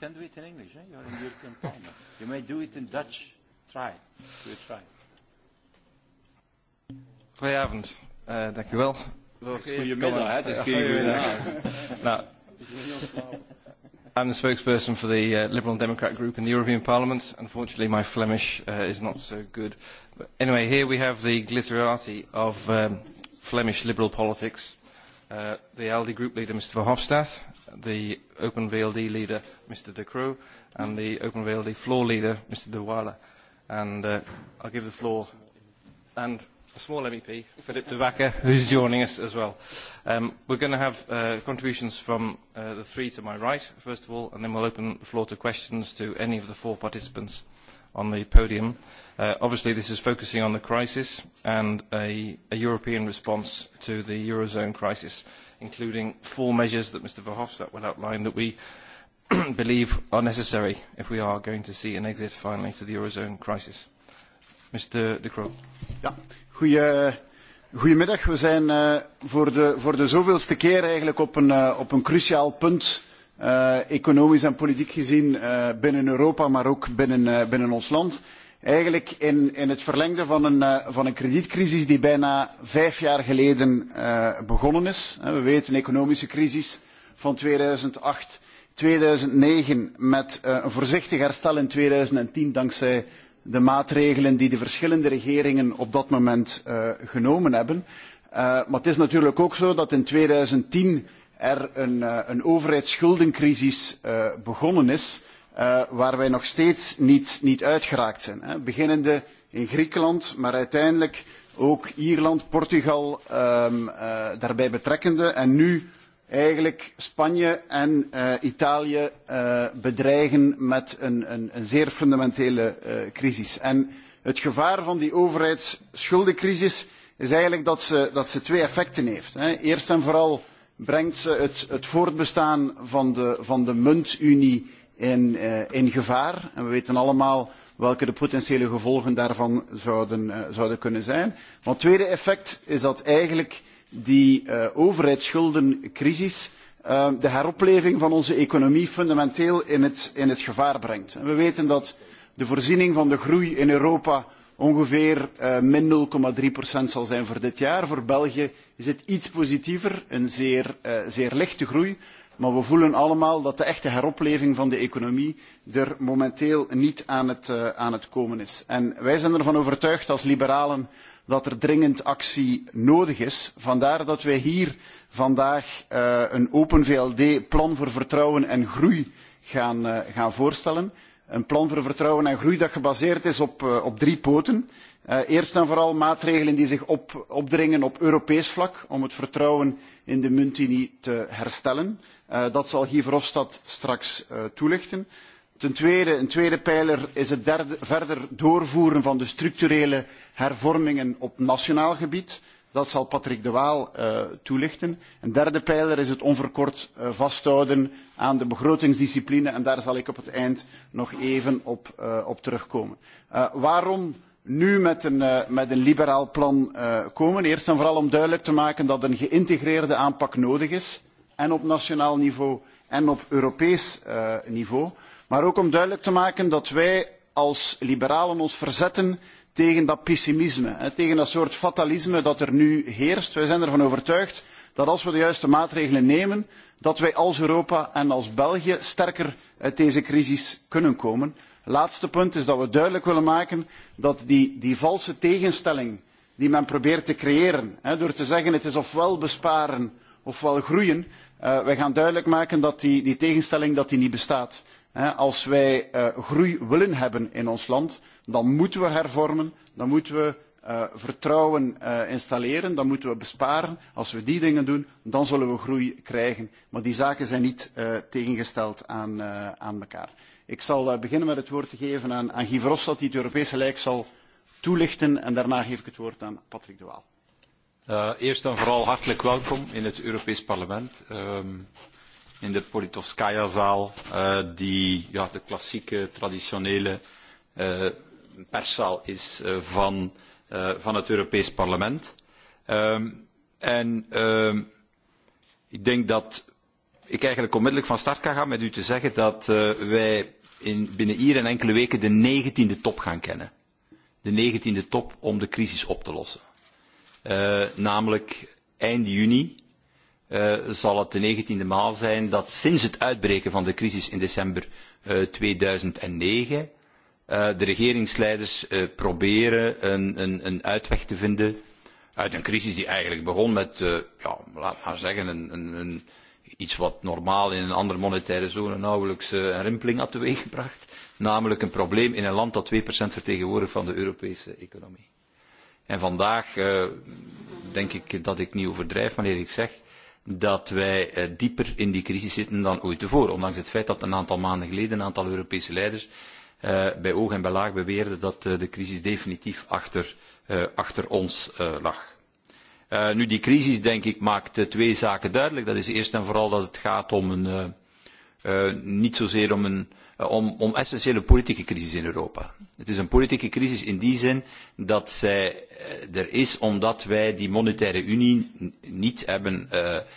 can do it in English. Eh? You're in European Parliament. You may do it in Dutch. Try. Do a try. Goedenavond. Uh, dank u wel. Goedemiddag. Het is goedemiddag. Now, I'm the spokesperson for the uh, Liberal Democrat group in the European Parliament. Unfortunately, my Flemish uh, is not so good. But anyway, here we have the glitterati of um, Flemish liberal politics. Uh, the ALDE group leader, Mr. Verhofstadt, the Open VLD leader, Mr. De Croo, and the Open VLD floor leader, Mr. De Waala. And I'll give the floor and a small MEP, Philip De Backer, who's joining us as well. We're going to have contributions from the three to my right, first of all, and then we'll open the floor to questions to any of the four participants on the podium. Obviously, this is focusing on the crisis and a European response to the Eurozone crisis, including four measures that Mr. Verhofstadt will outline that we believe are necessary if we are going to see an exit finally to the Eurozone crisis. Mr. De Croo. Ja, goedemiddag. We zijn voor de zoveelste keer eigenlijk op een cruciaal punt economisch en politiek gezien binnen Europa, maar ook binnen ons land. Eigenlijk in het verlengde van een kredietcrisis die bijna vijf jaar geleden begonnen is. We weten een economische crisis van 2008, 2009 met een voorzichtig herstel in 2010 dankzij de maatregelen die de verschillende regeringen op dat moment genomen hebben. Maar het is natuurlijk ook zo dat in 2010 er een overheidsschuldencrisis begonnen is waar wij nog steeds niet uitgeraakt zijn. Beginnende in Griekenland, maar uiteindelijk ook Ierland, Portugal daarbij betrekkende en nu eigenlijk Spanje en Italië bedreigen met een zeer fundamentele crisis. Het gevaar van die overheidsschuldencrisis is eigenlijk dat ze twee effecten heeft. Eerst en vooral brengt ze het voortbestaan van de muntunie in gevaar. En we weten allemaal welke de potentiële gevolgen daarvan zouden kunnen zijn. het tweede effect is dat eigenlijk die overheidsschuldencrisis de heropleving van onze economie fundamenteel in het gevaar brengt. We weten dat de voorziening van de groei in Europa ongeveer min nul procent zal zijn voor dit jaar. Voor België is het iets positiever, een zeer lichte groei. Maar we voelen allemaal dat de echte heropleving van de economie er momenteel niet aan het komen is. En wij zijn ervan overtuigd als liberalen dat er dringend actie nodig is. Vandaar dat wij hier vandaag een open VLD plan voor vertrouwen en groei gaan voorstellen. Een plan voor vertrouwen en groei dat gebaseerd is op drie poten. Eerst en vooral maatregelen die zich opdringen op Europees vlak om het vertrouwen in de muntunie te herstellen. Dat zal Guy Verhofstadt straks toelichten. Ten tweede, een tweede pijler is het verder doorvoeren van de structurele hervormingen op nationaal gebied. Dat zal Patrick de Waal toelichten. Een derde pijler is het onverkort vasthouden aan de begrotingsdiscipline. En daar zal ik op het eind nog even op terugkomen. Waarom nu met een liberaal plan komen? Eerst en vooral om duidelijk te maken dat een geïntegreerde aanpak nodig is. En op nationaal niveau en op Europees niveau. Maar ook om duidelijk te maken dat wij als liberalen ons verzetten tegen dat pessimisme, tegen dat soort fatalisme dat er nu heerst. Wij zijn ervan overtuigd dat als we de juiste maatregelen nemen, dat wij als Europa en als België sterker uit deze crisis kunnen komen. Het laatste punt is dat we duidelijk willen maken dat die valse tegenstelling die men probeert te creëren, door te zeggen het is ofwel besparen ofwel groeien, wij gaan duidelijk maken dat die tegenstelling niet bestaat. Als wij groei willen hebben in ons land, dan moeten we hervormen, dan moeten we vertrouwen installeren, dan moeten we besparen. Als we die dingen doen, dan zullen we groei krijgen. Maar die zaken zijn niet tegengesteld aan elkaar. Ik zal beginnen met het woord te geven aan Guy Verhofstadt, die het Europese lijk zal toelichten. En daarna geef ik het woord aan Patrick de Waal. Eerst en vooral hartelijk welkom in het Europees Parlement, in de Politovskaya-zaal, die de klassieke, traditionele perszaal is van het Europees Parlement. En ik denk dat ik eigenlijk onmiddellijk van start kan gaan met u te zeggen dat wij binnen hier en enkele weken de negentiende top gaan kennen. De negentiende top om de crisis op te lossen. Namelijk eind juni zal het de negentiende maal zijn dat sinds het uitbreken van de crisis in december 2009 de regeringsleiders proberen een uitweg te vinden uit een crisis die eigenlijk begon met, laat maar zeggen, iets wat normaal in een andere monetaire zone nauwelijks een rimpeling had teweeggebracht. Namelijk een probleem in een land dat 2% vertegenwoordigt van de Europese economie. En vandaag denk ik dat ik niet overdrijf wanneer ik zeg dat wij dieper in die crisis zitten dan ooit tevoren. Ondanks het feit dat een aantal maanden geleden een aantal Europese leiders bij oog en bij laag beweerden dat de crisis definitief achter ons lag. Nu, die crisis, denk ik, maakt twee zaken duidelijk. Dat is eerst en vooral dat het gaat om een, niet zozeer om een, om essentiële politieke crisis in Europa. Het is een politieke crisis in die zin dat zij er is omdat wij die monetaire unie niet hebben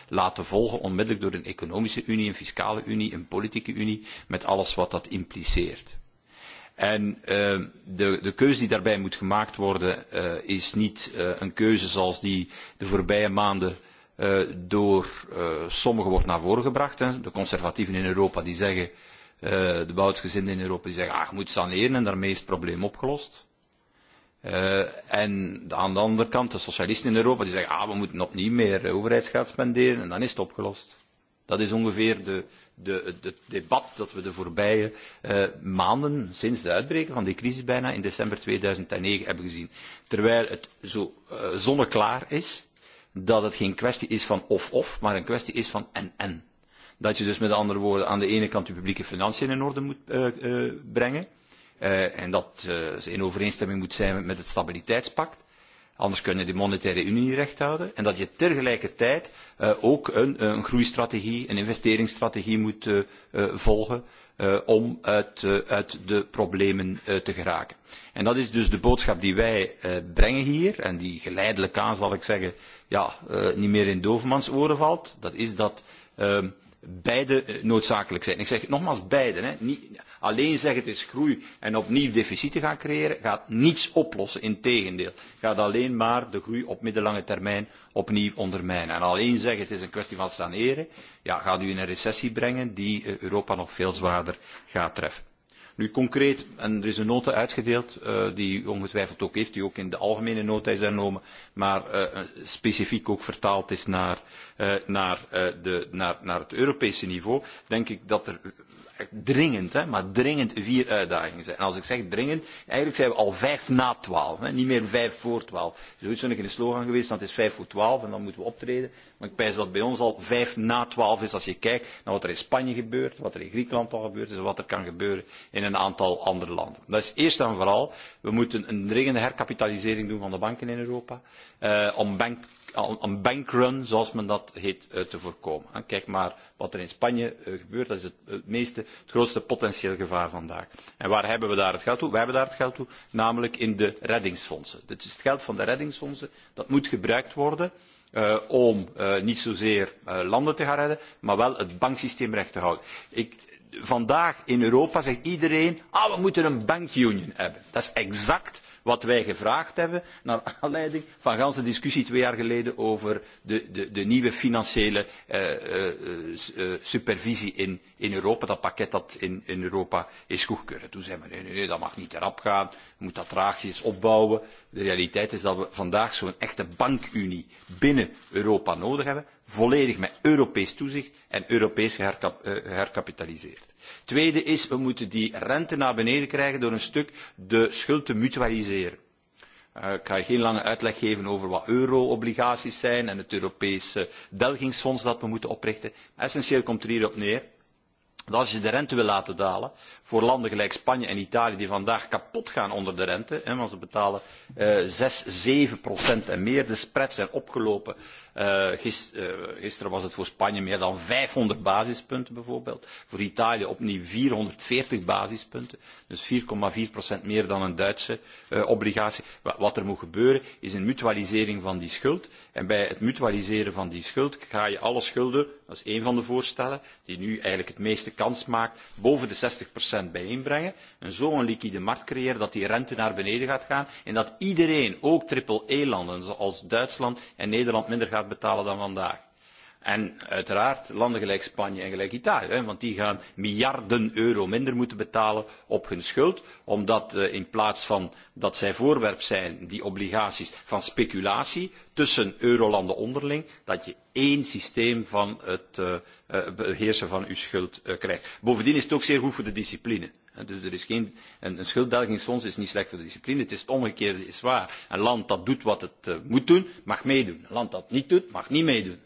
laten volgen onmiddellijk door een economische unie, een fiscale unie, een politieke unie, met alles wat dat impliceert. En de keuze die daarbij moet gemaakt worden is niet een keuze zoals die de voorbije maanden door sommigen wordt naar voren gebracht. De conservatieven in Europa die zeggen, de bouwtsgezinden in Europa die zeggen, ah, je moet saneren en daarmee is het probleem opgelost. En aan de andere kant de socialisten in Europa die zeggen, ah, we moeten opnieuw meer overheidsgeld spenderen en dan is het opgelost. Dat is ongeveer de het debat dat we de voorbije maanden sinds de uitbreken van die crisis bijna in december 2009 hebben gezien. Terwijl het zo zonneklaar is dat het geen kwestie is van of-of, maar een kwestie is van en-en. Dat je dus met andere woorden aan de ene kant je publieke financiën in orde moet brengen en dat ze in overeenstemming moet zijn met het stabiliteitspact Anders kun je de monetaire unie niet recht houden. En dat je tegelijkertijd ook een groeistrategie, een investeringsstrategie moet volgen om uit de problemen te geraken. En dat is dus de boodschap die wij brengen hier en die geleidelijk aan, zal ik zeggen, niet meer in Dovermans oren valt. Dat is dat beide noodzakelijk zijn. Ik zeg nogmaals beide. Alleen zeggen het is groei en opnieuw deficieten gaan creëren gaat niets oplossen. Integendeel, gaat alleen maar de groei op middellange termijn opnieuw ondermijnen. En alleen zeggen het is een kwestie van saneren, ja, gaat u in een recessie brengen die Europa nog veel zwaarder gaat treffen. Nu concreet, en er is een nota uitgedeeld die u ongetwijfeld ook heeft, die ook in de algemene nota is hernomen, maar specifiek ook vertaald is naar het Europese niveau, denk ik dat er echt dringend, hè, maar dringend vier uitdagingen zijn. En als ik zeg dringend, eigenlijk zijn we al vijf na twaalf, hè, niet meer vijf voor twaalf. Zoiets ben ik in de slogan geweest, dat is vijf voor twaalf en dan moeten we optreden. Maar ik pijs dat bij ons al vijf na twaalf is als je kijkt naar wat er in Spanje gebeurt, wat er in Griekenland al gebeurt, is en wat er kan gebeuren in een aantal andere landen. Dat is eerst en vooral, we moeten een dringende herkapitalisering doen van de banken in Europa, om bank Een bankrun, zoals men dat heet, te voorkomen. Kijk maar wat er in Spanje gebeurt. Dat is het, meeste, het grootste potentieel gevaar vandaag. En waar hebben we daar het geld toe? We hebben daar het geld toe, namelijk in de reddingsfondsen. Dit is het geld van de reddingsfondsen. Dat moet gebruikt worden om niet zozeer landen te gaan redden, maar wel het banksysteem recht te houden. Vandaag in Europa zegt iedereen, ah, we moeten een bankunion hebben. Dat is exact wat wij gevraagd hebben naar aanleiding van de discussie twee jaar geleden over de nieuwe financiële supervisie in Europa, dat pakket dat in Europa is goedgekeurd. Toen zei we nee, dat mag niet erop gaan, we moeten dat traagjes opbouwen. De realiteit is dat we vandaag zo'n echte bankunie binnen Europa nodig hebben volledig met Europees toezicht en Europees herkapitaliseerd. Tweede is, we moeten die rente naar beneden krijgen door een stuk de schuld te mutualiseren. Ik ga geen lange uitleg geven over wat euro-obligaties zijn en het Europese delgingsfonds dat we moeten oprichten. Essentieel komt er hierop neer dat als je de rente wil laten dalen voor landen gelijk Spanje en Italië die vandaag kapot gaan onder de rente, want ze betalen 6, 7 procent en meer, de spreads zijn opgelopen Gisteren was het voor Spanje meer dan 500 basispunten bijvoorbeeld. Voor Italië opnieuw 440 basispunten. Dus 4,4% meer dan een Duitse obligatie. Wat er moet gebeuren is een mutualisering van die schuld. En bij het mutualiseren van die schuld ga je alle schulden, dat is één van de voorstellen, die nu eigenlijk het meeste kans maakt, boven de 60% bijeenbrengen. En zo een liquide markt creëren dat die rente naar beneden gaat gaan. En dat iedereen, ook triple E-landen zoals Duitsland en Nederland, minder gaat betalen dan vandaag. En uiteraard landen gelijk Spanje en gelijk Italië, want die gaan miljarden euro minder moeten betalen op hun schuld, omdat in plaats van dat zij voorwerp zijn, die obligaties, van speculatie tussen eurolanden onderling, dat je één systeem van het beheersen van uw schuld krijgt. Bovendien is het ook zeer goed voor de discipline. Dus er is geen, een, schulddelgingsfonds is niet slecht voor de discipline, het is het omgekeerde, is waar. Een land dat doet wat het moet doen, mag meedoen. Een land dat niet doet, mag niet meedoen.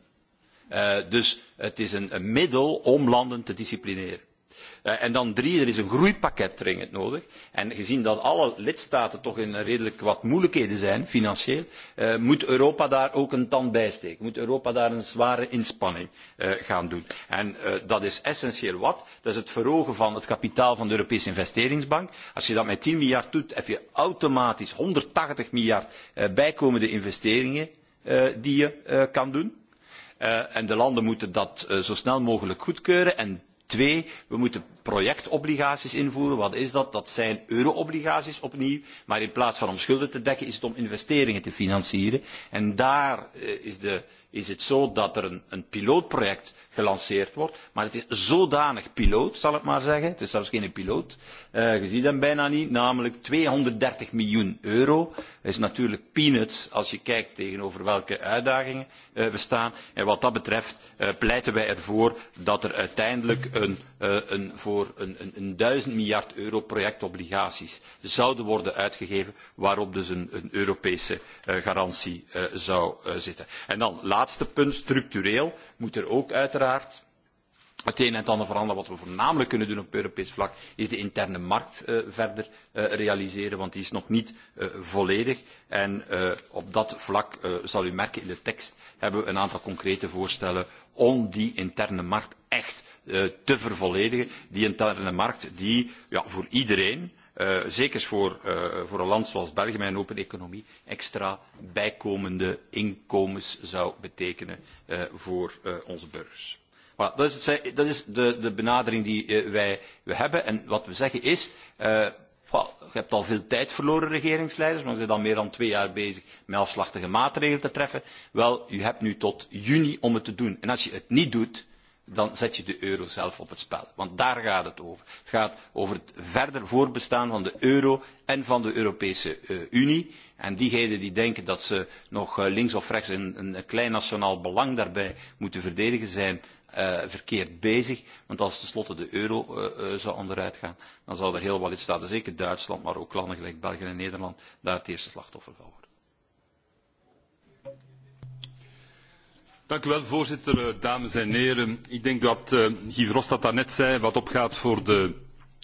Dus het is een middel om landen te disciplineren. En dan drie, er is een groeipakket dringend nodig. En gezien dat alle lidstaten toch in redelijk wat moeilijkheden zijn, financieel, moet Europa daar ook een tand bij steken. Moet Europa daar een zware inspanning gaan doen. En dat is essentieel wat? Dat is het verhogen van het kapitaal van de Europese investeringsbank. Als je dat met 10 miljard doet, heb je automatisch 180 miljard bijkomende investeringen die je kan doen en de landen moeten dat zo snel mogelijk goedkeuren. En twee, we moeten projectobligaties invoeren. Wat is dat? Dat zijn euroobligaties opnieuw, maar in plaats van om schulden te dekken is het om investeringen te financieren. En daar is het zo dat er een pilootproject gelanceerd wordt. Maar het is zodanig piloot, zal ik maar zeggen. Het is zelfs geen piloot. Je ziet hem bijna niet. Namelijk 230 miljoen euro. Dat is natuurlijk peanuts als je kijkt tegenover welke uitdagingen we staan. En wat dat betreft pleiten wij ervoor dat er uiteindelijk voor een duizend miljard euro projectobligaties zouden worden uitgegeven. Waarop dus een Europese garantie zou zitten. En dan, laatste punt, structureel moet er ook uiteraard uiteraard. Het een en ander veranderen. Wat we voornamelijk kunnen doen op Europees vlak is de interne markt verder realiseren, want die is nog niet volledig. En op dat vlak, zal u merken in de tekst, hebben we een aantal concrete voorstellen om die interne markt echt te vervolledigen. Die interne markt die voor iedereen zeker voor een land zoals België met een open economie, extra bijkomende inkomens zou betekenen voor onze burgers. Dat is de benadering die wij hebben. En wat we zeggen is, je hebt al veel tijd verloren, regeringsleiders, want we zijn al meer dan twee jaar bezig met afslachtige maatregelen te treffen. Wel, je hebt nu tot juni om het te doen. En als je het niet doet, dan zet je de euro zelf op het spel. Want daar gaat het over. Het gaat over het verder voorbestaan van de euro en van de Europese Unie. En diegenen die denken dat ze nog links of rechts een klein nationaal belang daarbij moeten verdedigen, zijn verkeerd bezig. Want als tenslotte de euro zou onderuit gaan, dan er heel wat lidstaten, zeker Duitsland, maar ook landen gelijk België en Nederland, daar het eerste slachtoffer worden. Dank u wel, voorzitter. Dames en heren, ik denk dat Guy Verhofstadt daarnet zei, wat opgaat voor de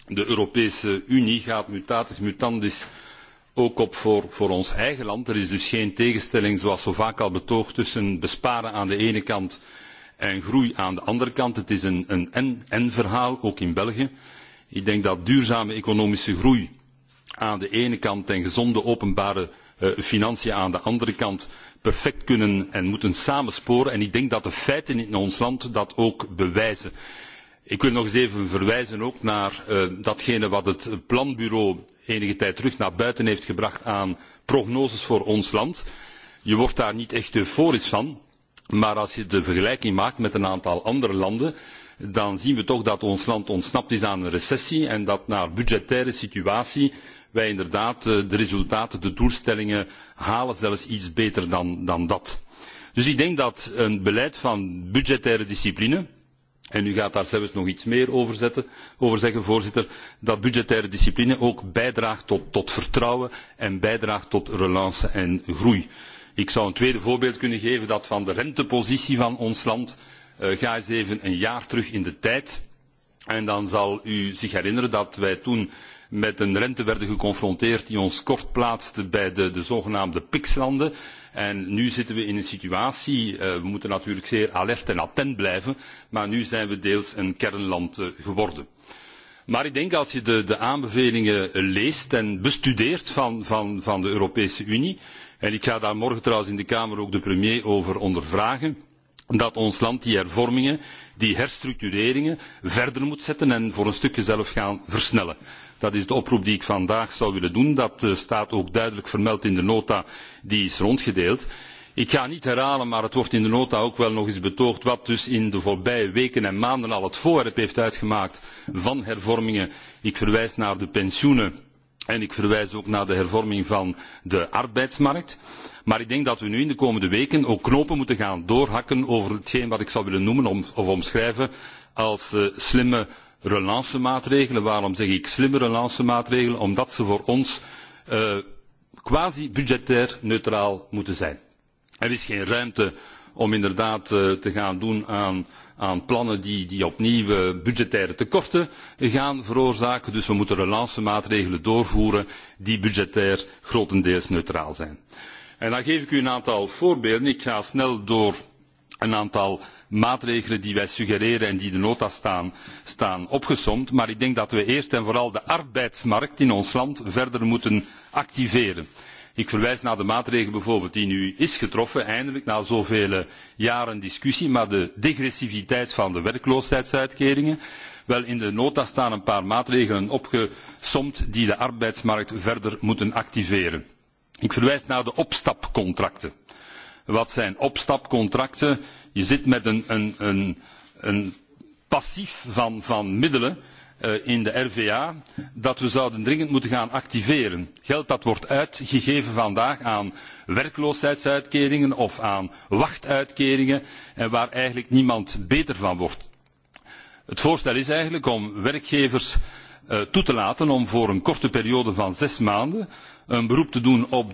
Europese Unie gaat mutatis mutandis ook op voor ons eigen land. Er is dus geen tegenstelling, zoals zo vaak al betoogd, tussen besparen aan de ene kant en groei aan de andere kant. Het is een en en verhaal, ook in België. Ik denk dat duurzame economische groei aan de ene kant en gezonde openbare financiën aan de andere kant perfect kunnen en moeten samensporen. En ik denk dat de feiten in ons land dat ook bewijzen. Ik wil nog eens even verwijzen ook naar datgene wat het planbureau enige tijd terug naar buiten heeft gebracht aan prognoses voor ons land. Je wordt daar niet echt euforisch van, maar als je de vergelijking maakt met een aantal andere landen, dan zien we toch dat ons land ontsnapt is aan een recessie en dat naar budgettaire situatie wij inderdaad de resultaten, de doelstellingen halen, zelfs iets beter dan dat. Dus ik denk dat een beleid van budgettaire discipline, en u gaat daar zelfs nog iets meer over zeggen voorzitter dat budgettaire discipline ook bijdraagt tot vertrouwen en bijdraagt tot relance en groei. ik zou een tweede voorbeeld kunnen geven dat van de rentepositie van ons land ga eens even een jaar terug in de tijd en dan zal u zich herinneren dat wij toen met een rente werden geconfronteerd die ons kort plaatste bij de zogenaamde PIX-landen. En nu zitten we in een situatie, we moeten natuurlijk zeer alert en attent blijven, maar nu zijn we deels een kernland geworden. Maar ik denk als je de aanbevelingen leest en bestudeert van de Europese Unie, en ik ga daar morgen trouwens in de Kamer ook de premier over ondervragen, dat ons land die hervormingen, die herstructureringen verder moet zetten en voor een stukje zelf gaan versnellen. Dat is de oproep die ik vandaag zou willen doen. Dat staat ook duidelijk vermeld in de nota die is rondgedeeld. Ik ga niet herhalen, maar het wordt in de nota ook wel nog eens betoogd wat dus in de voorbije weken en maanden al het voorwerp heeft uitgemaakt van hervormingen. Ik verwijs naar de pensioenen en ik verwijs ook naar de hervorming van de arbeidsmarkt maar ik denk dat we nu in de komende weken ook knopen moeten gaan doorhakken over hetgeen wat ik zou willen noemen of omschrijven als slimme relancemaatregelen. waarom zeg ik slimme relancemaatregelen? omdat ze voor ons quasi budgettair neutraal moeten zijn. er is geen ruimte om inderdaad te gaan doen aan plannen die opnieuw budgettaire tekorten gaan veroorzaken. Dus we moeten relancemaatregelen doorvoeren die budgettair grotendeels neutraal zijn. En dan geef ik u een aantal voorbeelden. Ik ga snel door een aantal maatregelen die wij suggereren en die in de nota staan staan opgesomd. Maar ik denk dat we eerst en vooral de arbeidsmarkt in ons land verder moeten activeren. Ik verwijs naar de maatregel bijvoorbeeld die nu is getroffen, eindelijk na zoveel jaren discussie, maar de degressiviteit van de werkloosheidsuitkeringen. Wel, in de nota staan een paar maatregelen opgesomd die de arbeidsmarkt verder moeten activeren. Ik verwijs naar de opstapcontracten. Wat zijn opstapcontracten? Je zit met een passief van middelen in de RVA dat we zouden dringend moeten gaan activeren. Geld dat wordt uitgegeven vandaag aan werkloosheidsuitkeringen of aan wachtuitkeringen en waar eigenlijk niemand beter van wordt. Het voorstel is eigenlijk om werkgevers toe te laten om voor een korte periode van zes maanden een beroep te doen op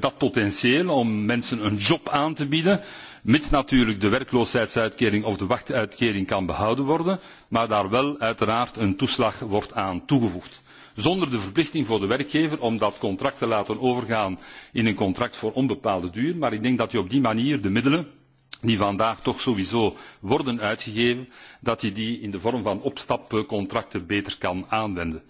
dat potentieel om mensen een job aan te bieden mits natuurlijk de werkloosheidsuitkering of de wachtuitkering kan behouden worden maar daar wel uiteraard een toeslag wordt aan toegevoegd zonder de verplichting voor de werkgever om dat contract te laten overgaan in een contract voor onbepaalde duur maar ik denk dat je op die manier de middelen die vandaag toch sowieso worden uitgegeven, dat je die in de vorm van opstapcontracten beter kan aanwenden.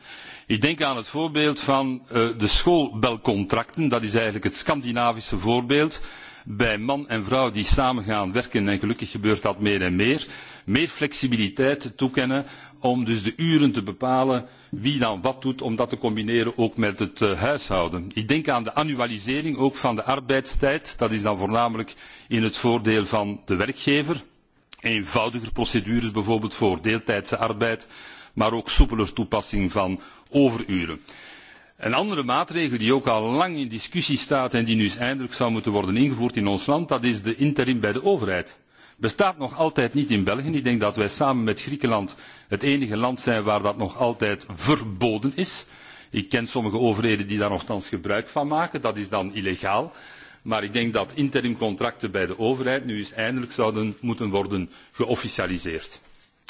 Ik denk aan het voorbeeld van de schoolbelcontracten. Dat is eigenlijk het Scandinavische voorbeeld bij man en vrouw die samen gaan werken en gelukkig gebeurt dat meer en meer meer flexibiliteit toekennen om dus de uren te bepalen wie dan wat doet, om dat te combineren ook met het huishouden. Ik denk aan de annualisering ook van de arbeidstijd. Dat is dan voornamelijk in het voordeel van de werkgever. Eenvoudiger procedures bijvoorbeeld voor deeltijdse arbeid, maar ook soepeler toepassing van overuren. Een andere maatregel die ook al lang in discussie staat en die nu eindelijk zou moeten worden ingevoerd in ons land, dat is de interim bij de overheid bestaat nog altijd niet in België. Ik denk dat wij samen met Griekenland het enige land zijn waar dat nog altijd verboden is. Ik ken sommige overheden die daar nogthans gebruik van maken. Dat is dan illegaal. Maar ik denk dat interimcontracten bij de overheid nu eens eindelijk zouden moeten worden geofficialiseerd.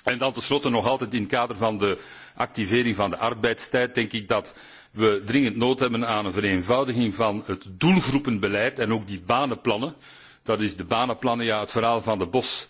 En dan tenslotte nog altijd in het kader van de activering van de arbeidstijd denk ik dat we dringend nood hebben aan een vereenvoudiging van het doelgroepenbeleid en ook die banenplannen dat is de banenplannen, ja, het verhaal van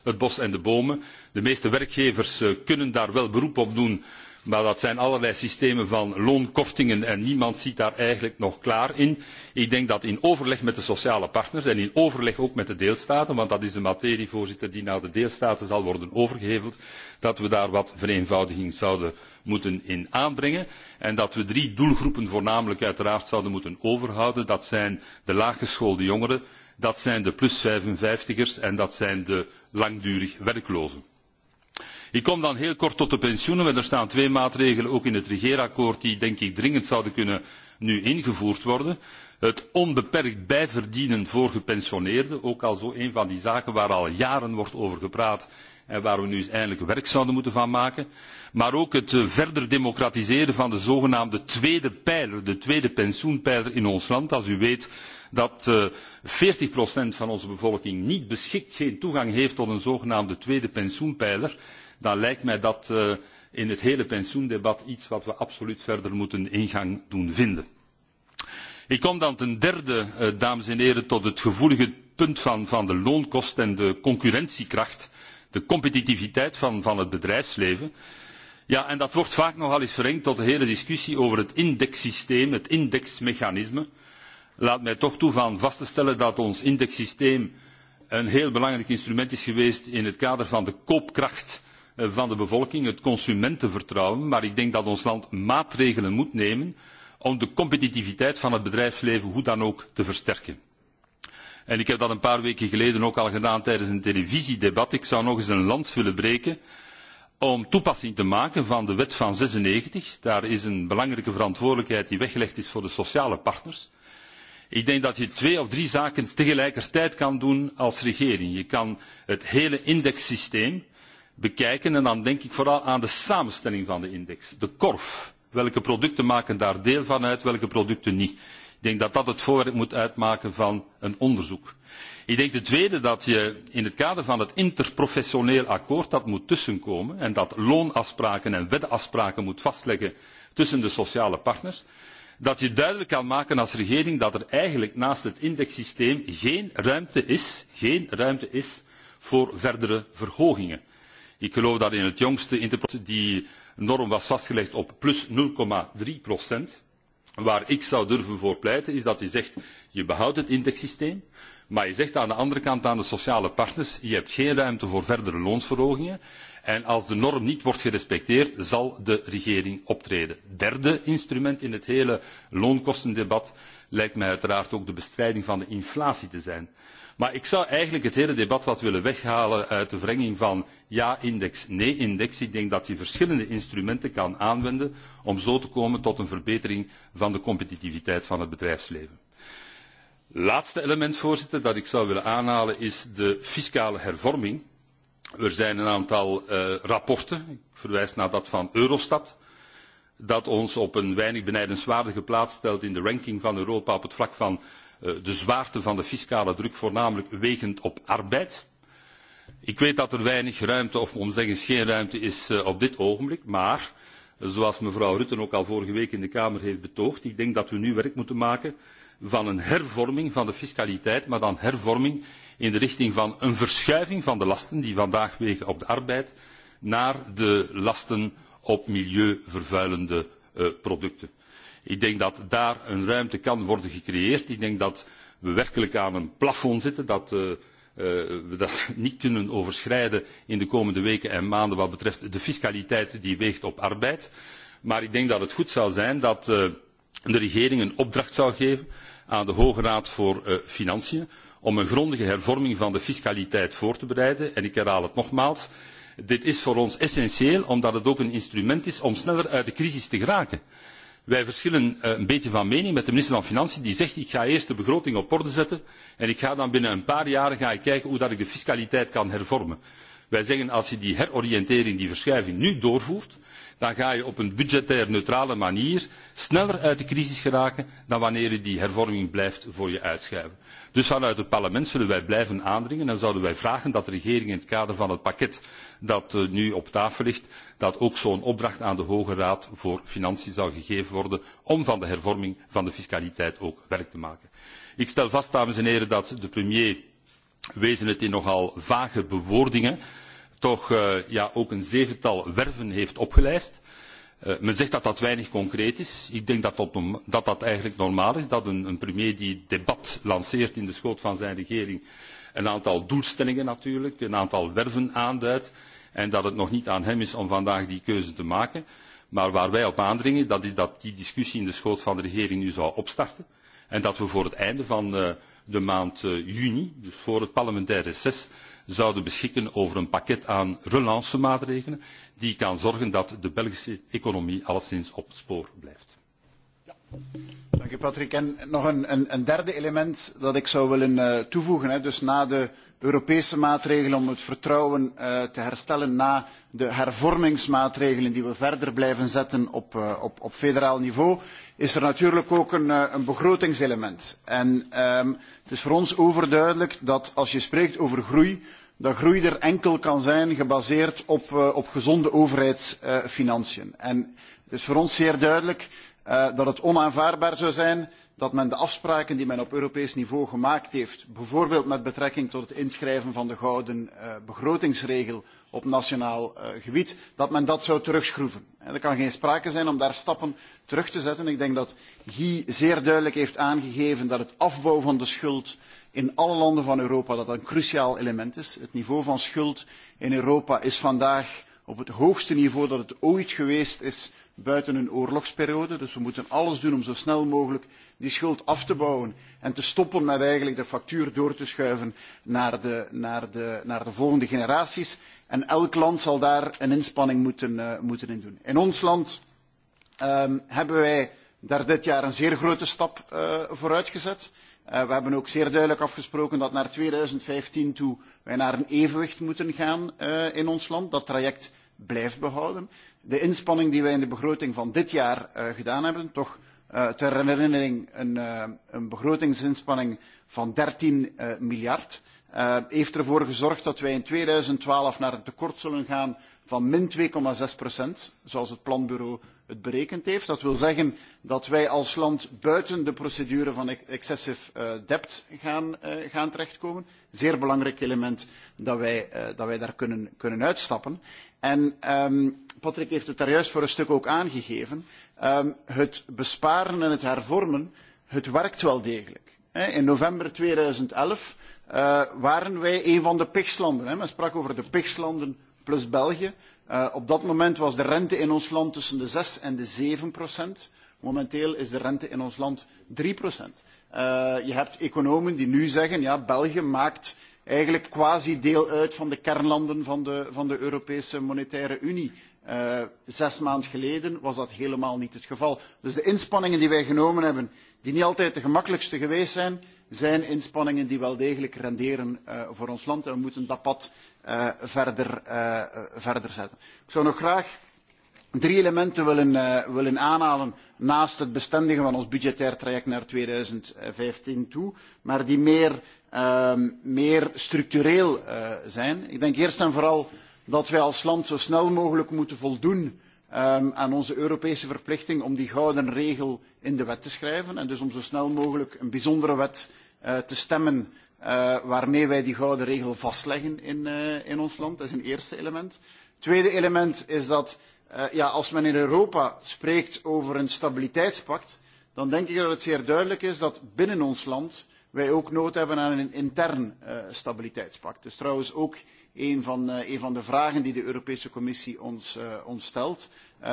het bos en de bomen. De meeste werkgevers kunnen daar wel beroep op doen, maar dat zijn allerlei systemen van loonkortingen en niemand ziet daar eigenlijk nog klaar in. Ik denk dat in overleg met de sociale partners en in overleg ook met de deelstaten, want dat is de materie, voorzitter, die naar de deelstaten zal worden overgeheveld, dat we daar wat vereenvoudiging zouden moeten in aanbrengen en dat we drie doelgroepen voornamelijk uiteraard zouden moeten overhouden. Dat zijn de laaggeschoolde jongeren, dat zijn de plus 55ers en dat zijn de langdurig werklozen. Ik kom dan heel kort tot de pensioenen, want er staan twee maatregelen ook in het regeerakkoord die denk ik dringend zouden kunnen nu ingevoerd worden. Het onbeperkt bijverdienen voor gepensioneerden, ook al zo een van die zaken waar al jaren wordt over gepraat en waar we nu eens eindelijk werk zouden moeten van maken. Maar ook het verder democratiseren van de zogenaamde tweede pijler, de tweede pensioenpijler in ons land. Als u weet dat veertig procent van onze bevolking niet beschikt, geen toegang heeft tot een zogenaamde tweede pensioenpijler, dan lijkt mij dat in het hele pensioendebat iets wat we absoluut verder moeten ingang doen vinden. Ik kom dan ten derde, dames en heren, tot het gevoelige punt van de loonkosten en de concurrentiekracht, de competitiviteit van het bedrijfsleven. Ja, en dat wordt vaak nogal eens verengd tot de hele discussie over het indexsysteem, het indexmechanisme laat mij toch toegaan vast te stellen dat ons indexsysteem een heel belangrijk instrument is geweest in het kader van de koopkracht van de bevolking, het consumentenvertrouwen. Maar ik denk dat ons land maatregelen moet nemen om de competitiviteit van het bedrijfsleven hoe dan ook te versterken. ik heb dat een paar weken geleden ook al gedaan tijdens een televisiedebat. Ik zou nog eens een lans willen breken om toepassing te maken van de wet van 96. Daar is een belangrijke verantwoordelijkheid die weggelegd is voor de sociale partners. Ik denk dat je twee of drie zaken tegelijkertijd kan doen als regering. Je kan het hele indexsysteem bekijken en dan denk ik vooral aan de samenstelling van de index, de korf. Welke producten maken daar deel van uit, welke producten niet. Ik denk dat dat het voorwerp moet uitmaken van een onderzoek. Ik denk ten tweede dat je in het kader van het interprofessioneel akkoord dat moet tussenkomen en dat loonafspraken en wetafspraken moet vastleggen tussen de sociale partners dat je duidelijk kan maken als regering dat er eigenlijk naast het indexsysteem geen ruimte is, geen ruimte is voor verdere verhogingen. Ik geloof dat in het jongste die norm was vastgelegd op plus 0,3 procent. Waar ik zou durven voor pleiten is dat je zegt, je behoudt het indexsysteem, maar je zegt aan de andere kant aan de sociale partners, je hebt geen ruimte voor verdere loonsverhogingen. En als de norm niet wordt gerespecteerd, zal de regering optreden. Derde instrument in het hele loonkostendebat lijkt mij uiteraard ook de bestrijding van de inflatie te zijn. Maar ik zou eigenlijk het hele debat wat willen weghalen uit de verenging van ja-index, nee-index. Ik denk dat je verschillende instrumenten kan aanwenden om zo te komen tot een verbetering van de competitiviteit van het bedrijfsleven. Laatste element, voorzitter, dat ik zou willen aanhalen is de fiscale hervorming Er zijn een aantal rapporten, ik verwijs naar dat van Eurostat, dat ons op een weinig benijdenswaardige plaats stelt in de ranking van Europa op het vlak van de zwaarte van de fiscale druk, voornamelijk wegend op arbeid. Ik weet dat er weinig ruimte, of om te zeggen geen ruimte, is op dit ogenblik, maar zoals mevrouw Rutten ook al vorige week in de Kamer heeft betoogd, ik denk dat we nu werk moeten maken van een hervorming van de fiscaliteit, maar dan hervorming in de richting van een verschuiving van de lasten die vandaag wegen op de arbeid naar de lasten op milieuvervuilende producten. Ik denk dat daar een ruimte kan worden gecreëerd. Ik denk dat we werkelijk aan een plafond zitten, dat we dat niet kunnen overschrijden in de komende weken en maanden wat betreft de fiscaliteit die weegt op arbeid. Maar ik denk dat het goed zou zijn dat de regering een opdracht zou geven aan de Hoge Raad voor Financiën om een grondige hervorming van de fiscaliteit voor te bereiden. En ik herhaal het nogmaals, dit is voor ons essentieel omdat het ook een instrument is om sneller uit de crisis te geraken. Wij verschillen een beetje van mening met de minister van Financiën die zegt ik ga eerst de begroting op orde zetten en ik ga dan binnen een paar jaren kijken hoe ik de fiscaliteit kan hervormen. Wij zeggen als je die heroriëntering, die verschuiving nu doorvoert dan ga je op een budgettair neutrale manier sneller uit de crisis geraken dan wanneer je die hervorming blijft voor je uitschuiven. Dus vanuit het parlement zullen wij blijven aandringen en zouden wij vragen dat de regering in het kader van het pakket dat nu op tafel ligt, dat ook zo'n opdracht aan de Hoge Raad voor Financiën zou gegeven worden om van de hervorming van de fiscaliteit ook werk te maken. Ik stel vast, dames en heren, dat de premier wezen het in nogal vage bewoordingen toch ook een zevental werven heeft opgeleist. Men zegt dat dat weinig concreet is. Ik denk dat dat eigenlijk normaal is, dat een premier die debat lanceert in de schoot van zijn regering een aantal doelstellingen natuurlijk, een aantal werven aanduidt en dat het nog niet aan hem is om vandaag die keuze te maken. Maar waar wij op aandringen, dat is dat die discussie in de schoot van de regering nu zou opstarten en dat we voor het einde van de maand juni, dus voor het parlementaire reces, zouden beschikken over een pakket aan relancemaatregelen die kan zorgen dat de Belgische economie alleszins op het spoor blijft. Patrick. En nog een derde element dat ik zou willen toevoegen. Dus na de Europese maatregelen om het vertrouwen te herstellen, na de hervormingsmaatregelen die we verder blijven zetten op federaal niveau, is er natuurlijk ook een begrotingselement. En het is voor ons overduidelijk dat als je spreekt over groei, dat groei er enkel kan zijn gebaseerd op gezonde overheidsfinanciën. En het is voor ons zeer duidelijk dat het onaanvaardbaar zou zijn dat men de afspraken die men op Europees niveau gemaakt heeft, bijvoorbeeld met betrekking tot het inschrijven van de gouden begrotingsregel op nationaal gebied, dat men dat zou terugschroeven. Er kan geen sprake zijn om daar stappen terug te zetten. Ik denk dat Guy zeer duidelijk heeft aangegeven dat het afbouw van de schuld in alle landen van Europa een cruciaal element is. Het niveau van schuld in Europa is vandaag op het hoogste niveau dat het ooit geweest is buiten een oorlogsperiode. Dus we moeten alles doen om zo snel mogelijk die schuld af te bouwen en te stoppen met eigenlijk de factuur door te schuiven naar de volgende generaties. En elk land zal daar een inspanning moeten in doen. In ons land hebben wij daar dit jaar een zeer grote stap vooruit gezet. We hebben ook zeer duidelijk afgesproken dat naar 2015 toe wij naar een evenwicht moeten gaan in ons land. Dat traject blijft behouden. De inspanning die wij in de begroting van dit jaar gedaan hebben, toch ter herinnering een begrotingsinspanning van 13 miljard, heeft ervoor gezorgd dat wij in 2012 naar een tekort zullen gaan van min 2,6 procent, zoals het planbureau het berekend heeft. Dat wil zeggen dat wij als land buiten de procedure van excessive debt gaan terechtkomen. Zeer belangrijk element dat wij daar kunnen uitstappen. En Patrick heeft het daar juist voor een stuk ook aangegeven. Het besparen en het hervormen, het werkt wel degelijk. In november 2011 waren wij een van de pigslanden. Men sprak over de pigslanden plus België. Op dat moment was de rente in ons land tussen de 6 en de 7 procent. Momenteel is de rente in ons land 3 procent. Je hebt economen die nu zeggen, ja, België maakt eigenlijk quasi deel uit van de kernlanden van de Europese Monetaire Unie. Zes maand geleden was dat helemaal niet het geval. Dus de inspanningen die wij genomen hebben, die niet altijd de gemakkelijkste geweest zijn, zijn inspanningen die wel degelijk renderen voor ons land. En we moeten dat pad verder, zetten. Ik zou nog graag drie elementen willen aanhalen naast het bestendigen van ons budgetair traject naar 2015 toe, maar die meer structureel zijn. Ik denk eerst en vooral dat wij als land zo snel mogelijk moeten voldoen aan onze Europese verplichting om die gouden regel in de wet te schrijven en dus om zo snel mogelijk een bijzondere wet te stemmen waarmee wij die gouden regel vastleggen in ons land. Dat is een eerste element. Het tweede element is dat als men in Europa spreekt over een stabiliteitspact, dan denk ik dat het zeer duidelijk is dat binnen ons land wij ook nood hebben aan een intern stabiliteitspact. Dat is trouwens ook een van de vragen die de Europese Commissie ons stelt.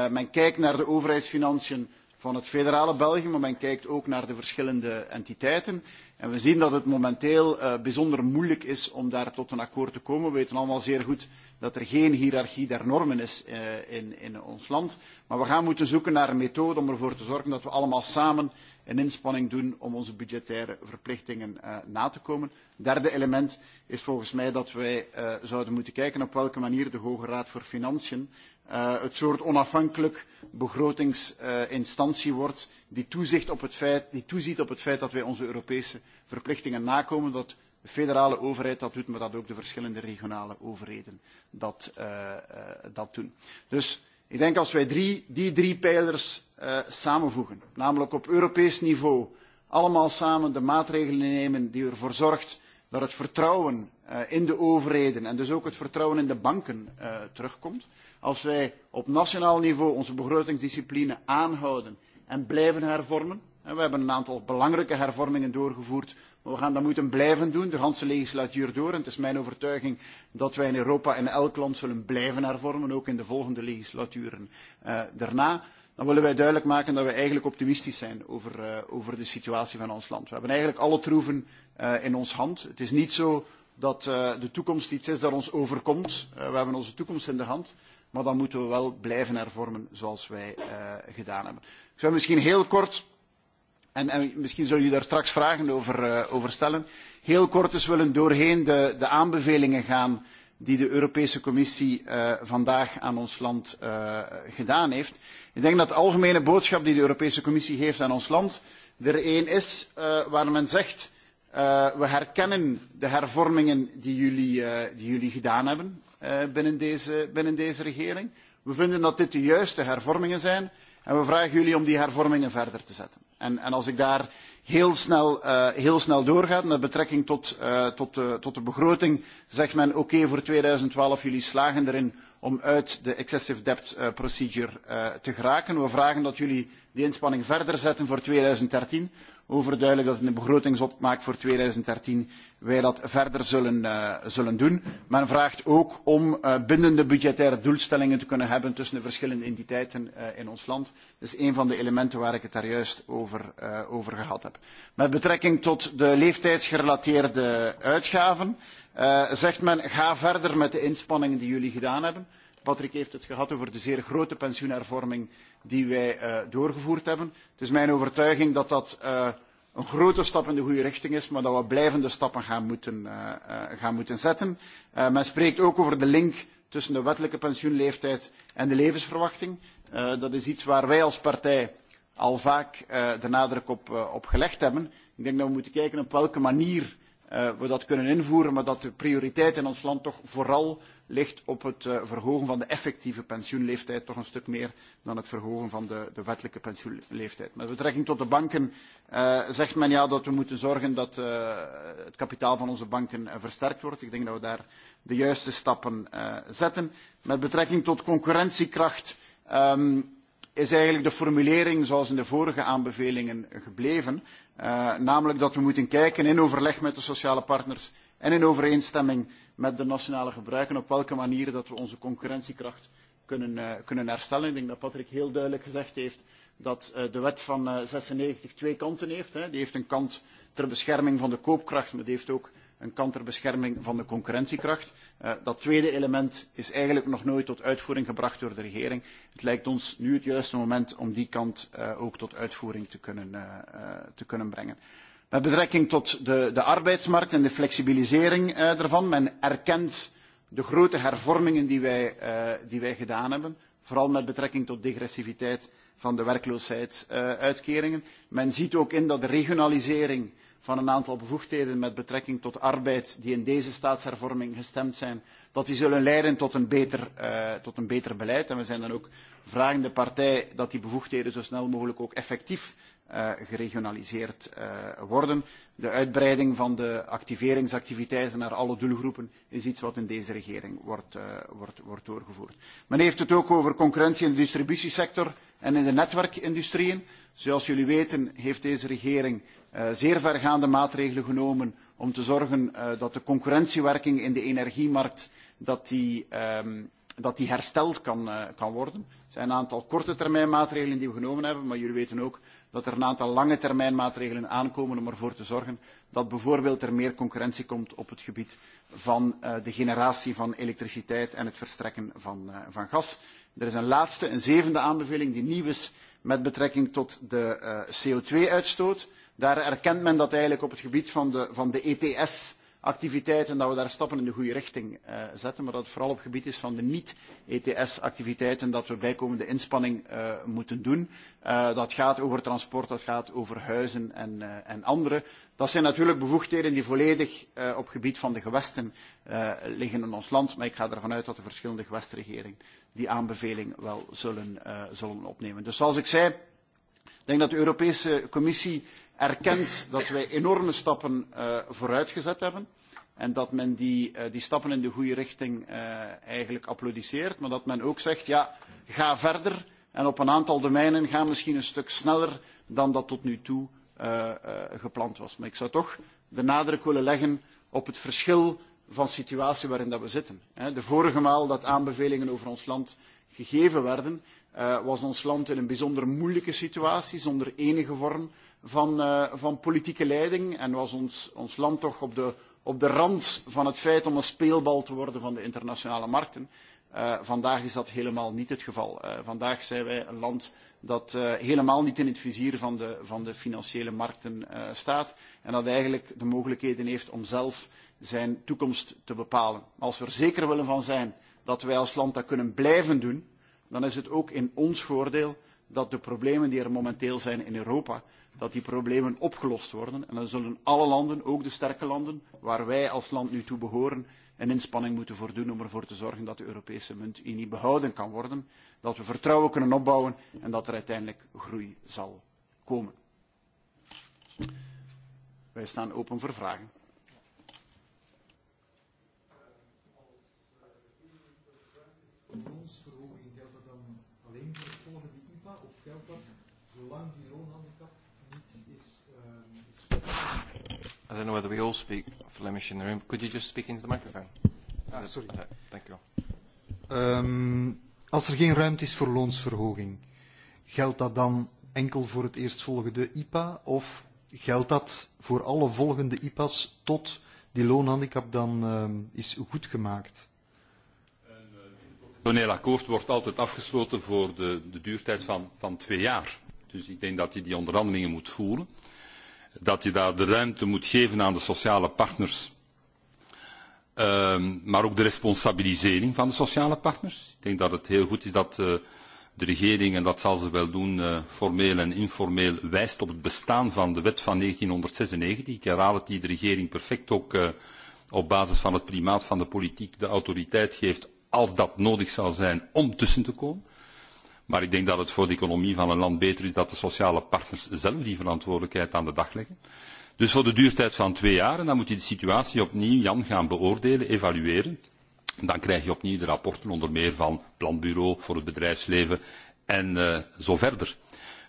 Men kijkt naar de overheidsfinanciën van het federale België, maar men kijkt ook naar de verschillende entiteiten. En we zien dat het momenteel bijzonder moeilijk is om daar tot een akkoord te komen. We weten allemaal zeer goed dat er geen hiërarchie der normen is in ons land. Maar we gaan moeten zoeken naar een methode om ervoor te zorgen dat we allemaal samen een inspanning doen om onze budgettaire verplichtingen na te komen. Het derde element is volgens mij dat wij zouden moeten kijken op welke manier de Hoge Raad voor Financiën een soort onafhankelijk begrotingsinstantie wordt die toeziet op het feit dat wij onze Europese verplichtingen nakomen. Dat de federale overheid dat doet, maar dat ook de verschillende regionale overheden dat doen. Dus Ik denk als wij die drie pijlers samenvoegen, namelijk op Europees niveau allemaal samen de maatregelen nemen die ervoor zorgt dat het vertrouwen in de overheden en dus ook het vertrouwen in de banken terugkomt. Als wij op nationaal niveau onze begrotingsdiscipline aanhouden en blijven hervormen, we hebben een aantal belangrijke hervormingen doorgevoerd We gaan dat moeten blijven doen, de ganse legislatuur door. En het is mijn overtuiging dat wij in Europa in elk land zullen blijven hervormen, ook in de volgende legislaturen daarna. Dan willen wij duidelijk maken dat we eigenlijk optimistisch zijn over de situatie van ons land. We hebben eigenlijk alle troeven in ons hand. Het is niet zo dat de toekomst iets is dat ons overkomt. We hebben onze toekomst in de hand. Maar dan moeten we wel blijven hervormen zoals wij gedaan hebben. Ik zou misschien heel kort en misschien zullen jullie daar straks vragen over stellen, heel kort eens willen doorheen de aanbevelingen gaan die de Europese Commissie vandaag aan ons land gedaan heeft. Ik denk dat de algemene boodschap die de Europese Commissie heeft aan ons land er een is waar men zegt we herkennen de hervormingen die jullie gedaan hebben binnen deze regering. We vinden dat dit de juiste hervormingen zijn En we vragen jullie om die hervormingen verder te zetten. En als ik daar heel snel doorga, met betrekking tot de begroting, zegt men oké voor 2012, jullie slagen erin om uit de excessive debt procedure te geraken. We vragen dat jullie die inspanning verder zetten voor 2013. Overduidelijk dat in de begrotingsopmaak voor 2013 wij dat verder zullen doen. Men vraagt ook om bindende budgettaire doelstellingen te kunnen hebben tussen de verschillende entiteiten in ons land. Dat is een van de elementen waar ik het daar juist over gehad heb. Met betrekking tot de leeftijdsgerelateerde uitgaven zegt men ga verder met de inspanningen die jullie gedaan hebben. Patrick heeft het gehad over de zeer grote pensioenhervorming die wij doorgevoerd hebben. Het is mijn overtuiging dat dat een grote stap in de goede richting is, maar dat we blijvende stappen gaan moeten zetten. Men spreekt ook over de link tussen de wettelijke pensioenleeftijd en de levensverwachting. Dat is iets waar wij als partij al vaak de nadruk op gelegd hebben. Ik denk dat we moeten kijken op welke manier we dat kunnen invoeren, maar dat de prioriteit in ons land toch vooral ligt op het verhogen van de effectieve pensioenleeftijd, toch een stuk meer dan het verhogen van de wettelijke pensioenleeftijd. Met betrekking tot de banken zegt men ja dat we moeten zorgen dat het kapitaal van onze banken versterkt wordt. Ik denk dat we daar de juiste stappen zetten. Met betrekking tot concurrentiekracht is eigenlijk de formulering zoals in de vorige aanbevelingen gebleven. Namelijk dat we moeten kijken in overleg met de sociale partners en in overeenstemming met de nationale gebruiken op welke manier we onze concurrentiekracht kunnen herstellen. Ik denk dat Patrick heel duidelijk gezegd heeft dat de wet van 96 twee kanten heeft. Die heeft een kant ter bescherming van de koopkracht, maar die heeft ook een kant ter bescherming van de concurrentiekracht. Dat tweede element is eigenlijk nog nooit tot uitvoering gebracht door de regering. Het lijkt ons nu het juiste moment om die kant ook tot uitvoering te kunnen brengen. Met betrekking tot de arbeidsmarkt en de flexibilisering daarvan. Men erkent de grote hervormingen die wij gedaan hebben. Vooral met betrekking tot degressiviteit van de werkloosheidsuitkeringen. Men ziet ook in dat de regionalisering van een aantal bevoegdheden met betrekking tot arbeid die in deze staatshervorming gestemd zijn, dat zullen leiden tot een beter beleid. En we zijn dan ook vragende partij dat die bevoegdheden zo snel mogelijk ook effectief geregionaliseerd worden. De uitbreiding van de activeringsactiviteiten naar alle doelgroepen is iets wat in deze regering wordt doorgevoerd. Men heeft het ook over concurrentie in de distributiesector en in de netwerkindustrieën. Zoals jullie weten heeft deze regering zeer vergaande maatregelen genomen om te zorgen dat de concurrentiewerking in de energiemarkt hersteld kan worden. Er zijn een aantal korte termijn maatregelen die we genomen hebben, maar jullie weten ook dat er een aantal lange termijn maatregelen aankomen om ervoor te zorgen dat bijvoorbeeld er meer concurrentie komt op het gebied van de generatie van elektriciteit en het verstrekken van gas. Er is een laatste, een zevende aanbeveling die nieuw met betrekking tot de CO2-uitstoot. Daar erkent men dat eigenlijk op het gebied van de ETS activiteiten, dat we daar stappen in de goede richting zetten, maar dat het vooral op het gebied is van de niet-ETS-activiteiten dat we bijkomende inspanning moeten doen. Dat gaat over transport, dat gaat over huizen en andere. Dat zijn natuurlijk bevoegdheden die volledig op gebied van de gewesten liggen in ons land, maar ik ga ervan uit dat de verschillende gewestregeringen die aanbeveling wel zullen opnemen. Dus zoals ik zei, ik denk dat de Europese Commissie erkent dat wij enorme stappen vooruitgezet hebben en dat men die stappen in de goede richting eigenlijk applaudisseert, maar dat men ook zegt, ja, ga verder en op een aantal domeinen ga misschien een stuk sneller dan dat tot nu toe gepland was. Maar ik zou toch de nadruk willen leggen op het verschil van situatie waarin we zitten. De vorige maal dat aanbevelingen over ons land gegeven werden, was ons land in een bijzonder moeilijke situatie, zonder enige vorm van politieke leiding en was ons land toch op de rand van het feit om een speelbal te worden van de internationale markten. Vandaag is dat helemaal niet het geval. Vandaag zijn wij een land dat helemaal niet in het vizier van de financiële markten staat en dat eigenlijk de mogelijkheden heeft om zelf zijn toekomst te bepalen. Als we er zeker willen van zijn dat wij als land dat kunnen blijven doen, dan is het ook in ons voordeel dat de problemen die er momenteel zijn in Europa, dat die problemen opgelost worden. En dan zullen alle landen, ook de sterke landen, waar wij als land nu toe behoren, een inspanning moeten voordoen om ervoor te zorgen dat de Europese muntunie behouden kan worden, dat we vertrouwen kunnen opbouwen en dat er uiteindelijk groei zal komen. Wij staan open voor vragen. I don't know whether we all speak Flemish in the room. Could you just speak into the microphone? sorry. Thank you. als er geen ruimte is voor loonsverhoging, geldt dat dan enkel voor het eerstvolgende IPA of geldt dat voor alle volgende IPA's tot die loonhandicap dan is goedgemaakt? Een akkoord wordt altijd afgesloten voor de duurtijd van twee jaar. Dus ik denk dat je die onderhandelingen moet voeren. Dat je daar de ruimte moet geven aan de sociale partners. Maar ook de responsabilisering van de sociale partners. Ik denk dat het heel goed is dat de regering, en dat zal ze wel doen, formeel en informeel wijst op het bestaan van de wet van 1996. Ik herhaal het, die de regering perfect ook op basis van het primaat van de politiek de autoriteit geeft, als dat nodig zou zijn, om tussen te komen. Maar ik denk dat het voor de economie van een land beter is dat de sociale partners zelf die verantwoordelijkheid aan de dag leggen. Dus voor de duurtijd van twee jaar, dan moet je de situatie opnieuw, Jan, gaan beoordelen, evalueren. Dan krijg je opnieuw de rapporten onder meer van planbureau voor het bedrijfsleven en zo verder.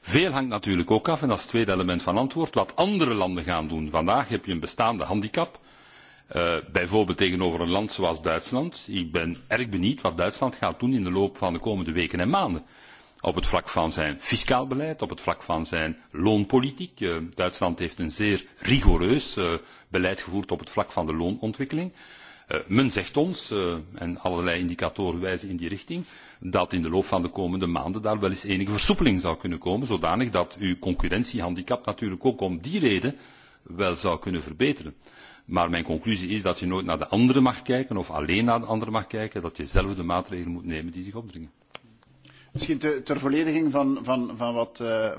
Veel hangt natuurlijk ook af, en dat is het tweede element van antwoord, wat andere landen gaan doen. Vandaag heb je een bestaande handicap, bijvoorbeeld tegenover een land zoals Duitsland. Ik ben erg benieuwd wat Duitsland gaat doen in de loop van de komende weken en maanden op het vlak van zijn fiscaal beleid, op het vlak van zijn loonpolitiek. Duitsland heeft een zeer rigoureus beleid gevoerd op het vlak van de loonontwikkeling. Men zegt ons, en allerlei indicatoren wijzen in die richting, dat in de loop van de komende maanden daar wel eens enige versoepeling zou kunnen komen, zodanig dat uw concurrentiehandicap natuurlijk ook om die reden wel zou kunnen verbeteren. Maar mijn conclusie is dat je nooit naar de andere mag kijken of alleen naar de anderen mag kijken, dat je zelf de maatregelen moet nemen die zich opdringen. Misschien ter vollediging van van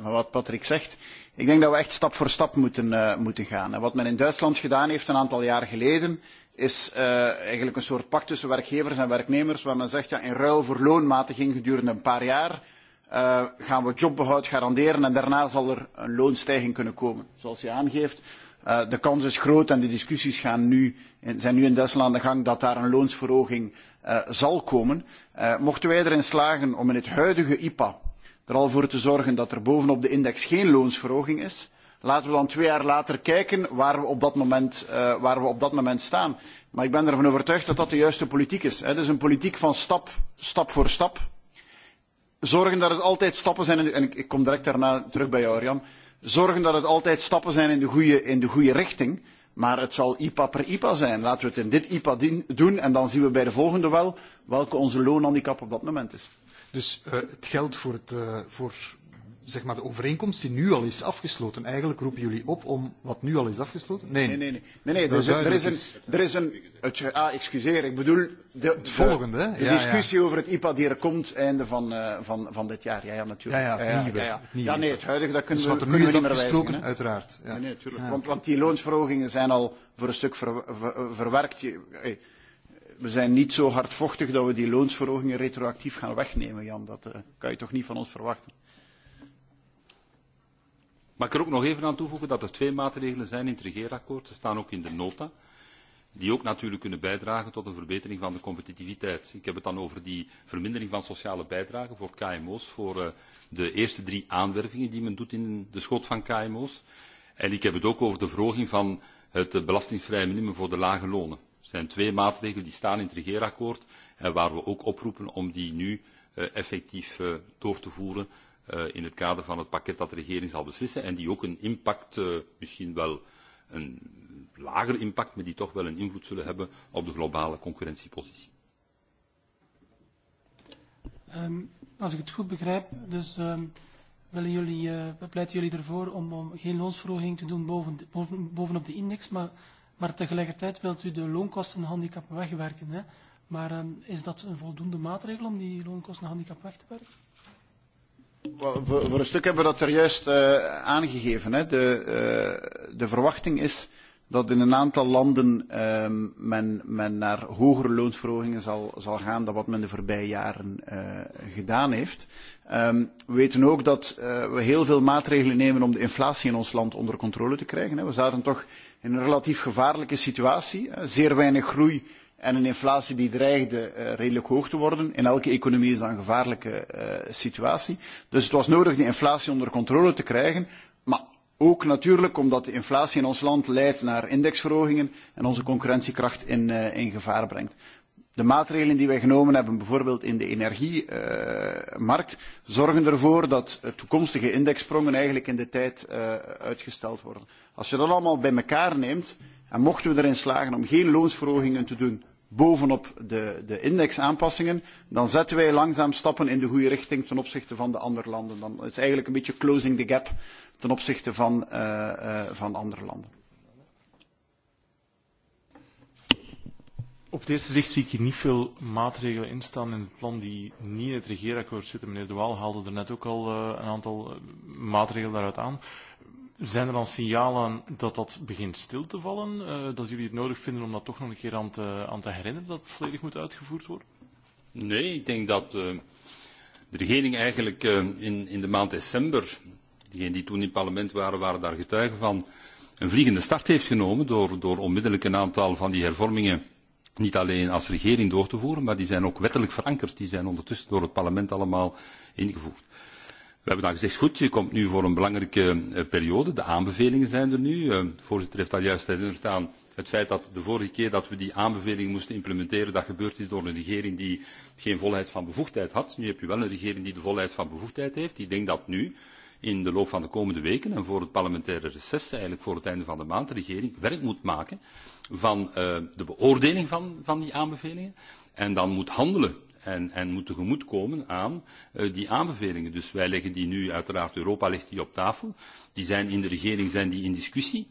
wat Patrick zegt. Ik denk dat we echt stap voor stap moeten moeten gaan. Wat men in Duitsland gedaan heeft een aantal jaar geleden is eigenlijk een soort pact tussen werkgevers en werknemers waar men zegt ja, in ruil voor loonmatiging gedurende een paar jaar gaan we jobbehoud garanderen en daarna zal er een loonstijging kunnen komen. Zoals je aangeeft, de kans is groot en de discussies zijn nu in Duitsland aan de gang dat daar een loonsverhoging zal komen. Mochten wij erin slagen om in het huidige IPA er al voor te zorgen dat er bovenop de index geen loonsverhoging is, laten we dan twee jaar later kijken waar we op dat moment staan. Maar ik ben ervan overtuigd dat dat de juiste politiek is. Het is een politiek van stap stap voor stap. Zorgen dat het altijd stappen zijn, en ik kom direct daarna terug bij jou, Arjan. Zorgen dat het altijd stappen zijn in de goede richting. Maar het zal IPA per IPA zijn. Laten we het in dit IPA doen en dan zien we bij de volgende wel welke onze loonhandicap op dat moment is. Dus het geld voor zeg maar, de overeenkomst die nu al is afgesloten. Eigenlijk roepen jullie op om wat nu al is afgesloten? Nee, nee, nee. nee, nee, er, is een, er is een... Ah, excuseer, ik bedoel... De, het volgende, De discussie over het IPA die er komt einde van, van, van dit jaar. Ja, ja, natuurlijk. Ja, ja, nieuwe, ja, ja. nee, het huidige, dat kunnen we, kunnen we niet meer wijzigen. uiteraard. Nee, natuurlijk. Want, want die loonsverhogingen zijn al voor een stuk verwerkt we zijn niet zo hardvochtig dat we die loonsverhogingen retroactief gaan wegnemen, Jan. Dat kan je toch niet van ons verwachten. Maar ik kan er ook nog even aan toevoegen dat er twee maatregelen zijn in het regeerakkoord. Ze staan ook in de nota. Die ook natuurlijk kunnen bijdragen tot een verbetering van de competitiviteit. Ik heb het dan over die vermindering van sociale bijdragen voor KMO's. Voor de eerste drie aanwervingen die men doet in de schoot van KMO's. En ik heb het ook over de verhoging van het belastingvrij minimum voor de lage lonen. Dat zijn twee maatregelen die staan in het regeerakkoord en waar we ook oproepen om die nu effectief door te voeren in het kader van het pakket dat de regering zal beslissen en die ook een impact, misschien wel een lager impact, maar die toch wel een invloed zullen hebben op de globale concurrentiepositie. Als ik het goed begrijp, dus willen jullie, pleiten jullie ervoor om geen loonsverhoging te doen bovenop de index, maar tegelijkertijd wilt u de loonkostenhandicap wegwerken. Maar is dat een voldoende maatregel om die loonkostenhandicap weg te werken? Voor een stuk hebben we dat er juist aangegeven. De verwachting is dat in een aantal landen men naar hogere loonsverhogingen zal gaan dan wat men de voorbije jaren gedaan heeft. We weten ook dat we heel veel maatregelen nemen om de inflatie in ons land onder controle te krijgen. We zaten toch in een relatief gevaarlijke situatie. Zeer weinig groei en een inflatie die dreigde redelijk hoog te worden. In elke economie is dat een gevaarlijke situatie. Dus het was nodig de inflatie onder controle te krijgen. Maar ook natuurlijk omdat de inflatie in ons land leidt naar indexverhogingen en onze concurrentiekracht in gevaar brengt. De maatregelen die wij genomen hebben, bijvoorbeeld in de energiemarkt, zorgen ervoor dat toekomstige indexsprongen eigenlijk in de tijd uitgesteld worden. Als je dat allemaal bij elkaar neemt, en mochten we erin slagen om geen loonsverhogingen te doen bovenop de indexaanpassingen, dan zetten wij langzaam stappen in de goede richting ten opzichte van de andere landen. Dan is eigenlijk een beetje closing the gap ten opzichte van andere landen. Op het eerste zicht zie ik hier niet veel maatregelen in staan in het plan die niet in het regeerakkoord zitten. Meneer De Waal haalde er net ook al een aantal maatregelen daaruit aan. Zijn er dan signalen dat dat begint stil te vallen? Dat jullie het nodig vinden om dat toch nog een keer aan te, aan te herinneren dat het volledig moet uitgevoerd worden? Nee, ik denk dat de regering eigenlijk in, in de maand december, diegenen die toen in het parlement waren, waren daar getuigen van, een vliegende start heeft genomen door, door onmiddellijk een aantal van die hervormingen niet alleen als regering door te voeren, maar die zijn ook wettelijk verankerd. Die zijn ondertussen door het parlement allemaal ingevoerd. We hebben dan gezegd, goed, je komt nu voor een belangrijke periode. De aanbevelingen zijn er nu. De voorzitter heeft al juist herinnerd aan het feit dat de vorige keer dat we die aanbevelingen moesten implementeren, dat gebeurd is door een regering die geen volheid van bevoegdheid had. Nu heb je wel een regering die de volheid van bevoegdheid heeft. Ik denk dat nu, in de loop van de komende weken en voor het parlementaire reces, eigenlijk voor het einde van de maand, de regering werk moet maken van de beoordeling van die aanbevelingen. En dan moet handelen en moet tegemoetkomen aan die aanbevelingen. Dus wij leggen die nu, uiteraard Europa legt die op tafel. Die zijn in de regering, zijn die in discussie.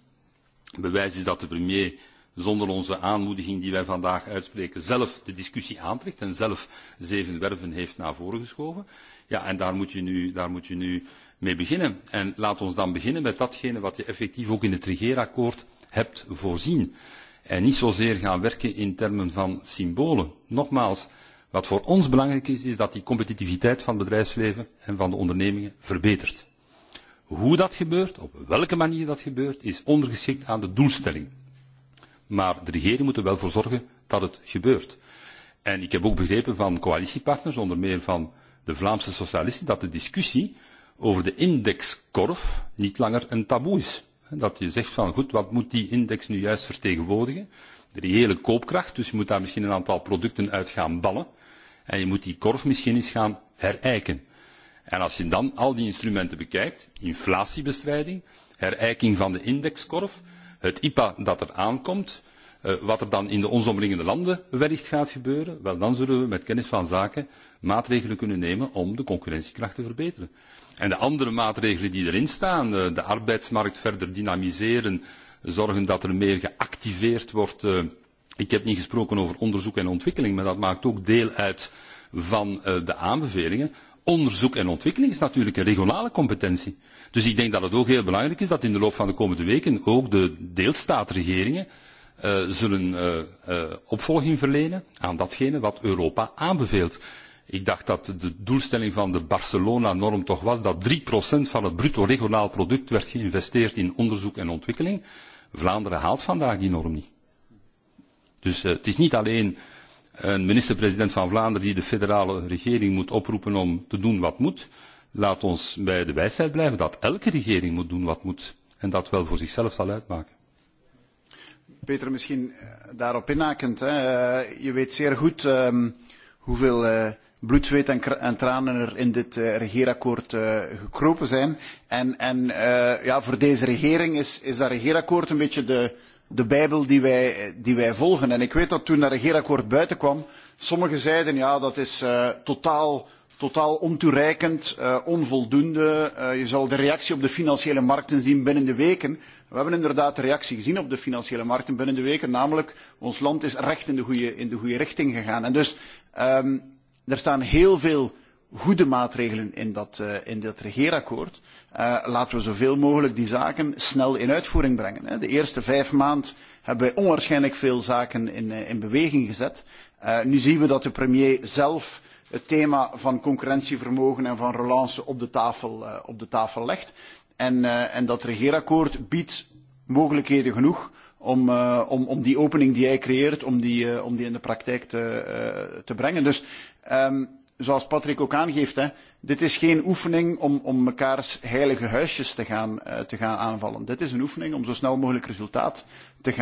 Bewijs is dat de premier zonder onze aanmoediging die wij vandaag uitspreken, zelf de discussie aantrekt en zelf zeven werven heeft naar voren geschoven. Ja, en daar moet je nu, daar moet je nu mee beginnen. En laat ons dan beginnen met datgene wat je effectief ook in het regeerakkoord hebt voorzien. En niet zozeer gaan werken in termen van symbolen. Nogmaals, Wat voor ons belangrijk is, is dat die competitiviteit van het bedrijfsleven en van de ondernemingen verbetert. Hoe dat gebeurt, op welke manier dat gebeurt, is ondergeschikt aan de doelstelling. Maar de regering moet er wel voor zorgen dat het gebeurt. En ik heb ook begrepen van coalitiepartners, onder meer van de Vlaamse socialisten, dat de discussie over de indexkorf niet langer een taboe is. Dat je zegt van goed, wat moet die index nu juist vertegenwoordigen? De reële koopkracht, dus je moet daar misschien een aantal producten uit gaan ballen. En je moet die korf misschien eens gaan herijken. En als je dan al die instrumenten bekijkt, inflatiebestrijding, herijking van de indexkorf, het IPA dat er aankomt, wat er dan in de ons omringende landen wellicht gaat gebeuren, wel dan zullen we met kennis van zaken maatregelen kunnen nemen om de concurrentiekracht te verbeteren. En de andere maatregelen die erin staan, de arbeidsmarkt verder dynamiseren, zorgen dat er meer geactiveerd wordt Ik heb niet gesproken over onderzoek en ontwikkeling, maar dat maakt ook deel uit van de aanbevelingen. Onderzoek en ontwikkeling is natuurlijk een regionale competentie. Dus ik denk dat het ook heel belangrijk is dat in de loop van de komende weken ook de deelstaatregeringen zullen opvolging verlenen aan datgene wat Europa aanbeveelt. Ik dacht dat de doelstelling van de Barcelona-norm toch was dat 3% van het bruto regionaal product werd geïnvesteerd in onderzoek en ontwikkeling. Vlaanderen haalt vandaag die norm niet. Dus het is niet alleen een minister-president van Vlaanderen die de federale regering moet oproepen om te doen wat moet. Laat ons bij de wijsheid blijven dat elke regering moet doen wat moet en dat wel voor zichzelf zal uitmaken. Peter, misschien daarop inhakend. Je weet zeer goed hoeveel bloed, zweet en tranen er in dit regeerakkoord gekropen zijn. En voor deze regering is dat regeerakkoord een beetje de de bijbel die wij, die wij volgen. En ik weet dat toen dat regeerakkoord buiten kwam, sommigen zeiden ja dat is totaal, totaal ontoereikend, onvoldoende. Uh, je zal de reactie op de financiële markten zien binnen de weken. We hebben inderdaad de reactie gezien op de financiële markten binnen de weken, namelijk ons land is recht in de goede, in de goede richting gegaan. En dus er staan heel veel goede maatregelen in dat, in dat regeerakkoord. laten we zoveel mogelijk die zaken snel in uitvoering brengen. De eerste vijf maanden hebben wij onwaarschijnlijk veel zaken in, in beweging gezet. nu zien we dat de premier zelf het thema van concurrentievermogen en van relance op de tafel, op de tafel legt. En, en dat regeerakkoord biedt mogelijkheden genoeg om, uh, om, om die opening die hij creëert, om die, om die in de praktijk te, te brengen. Dus um, zoals Patrick ook aangeeft, dit is geen oefening om mekaars heilige huisjes te gaan aanvallen. Dit is een oefening om zo snel mogelijk resultaat te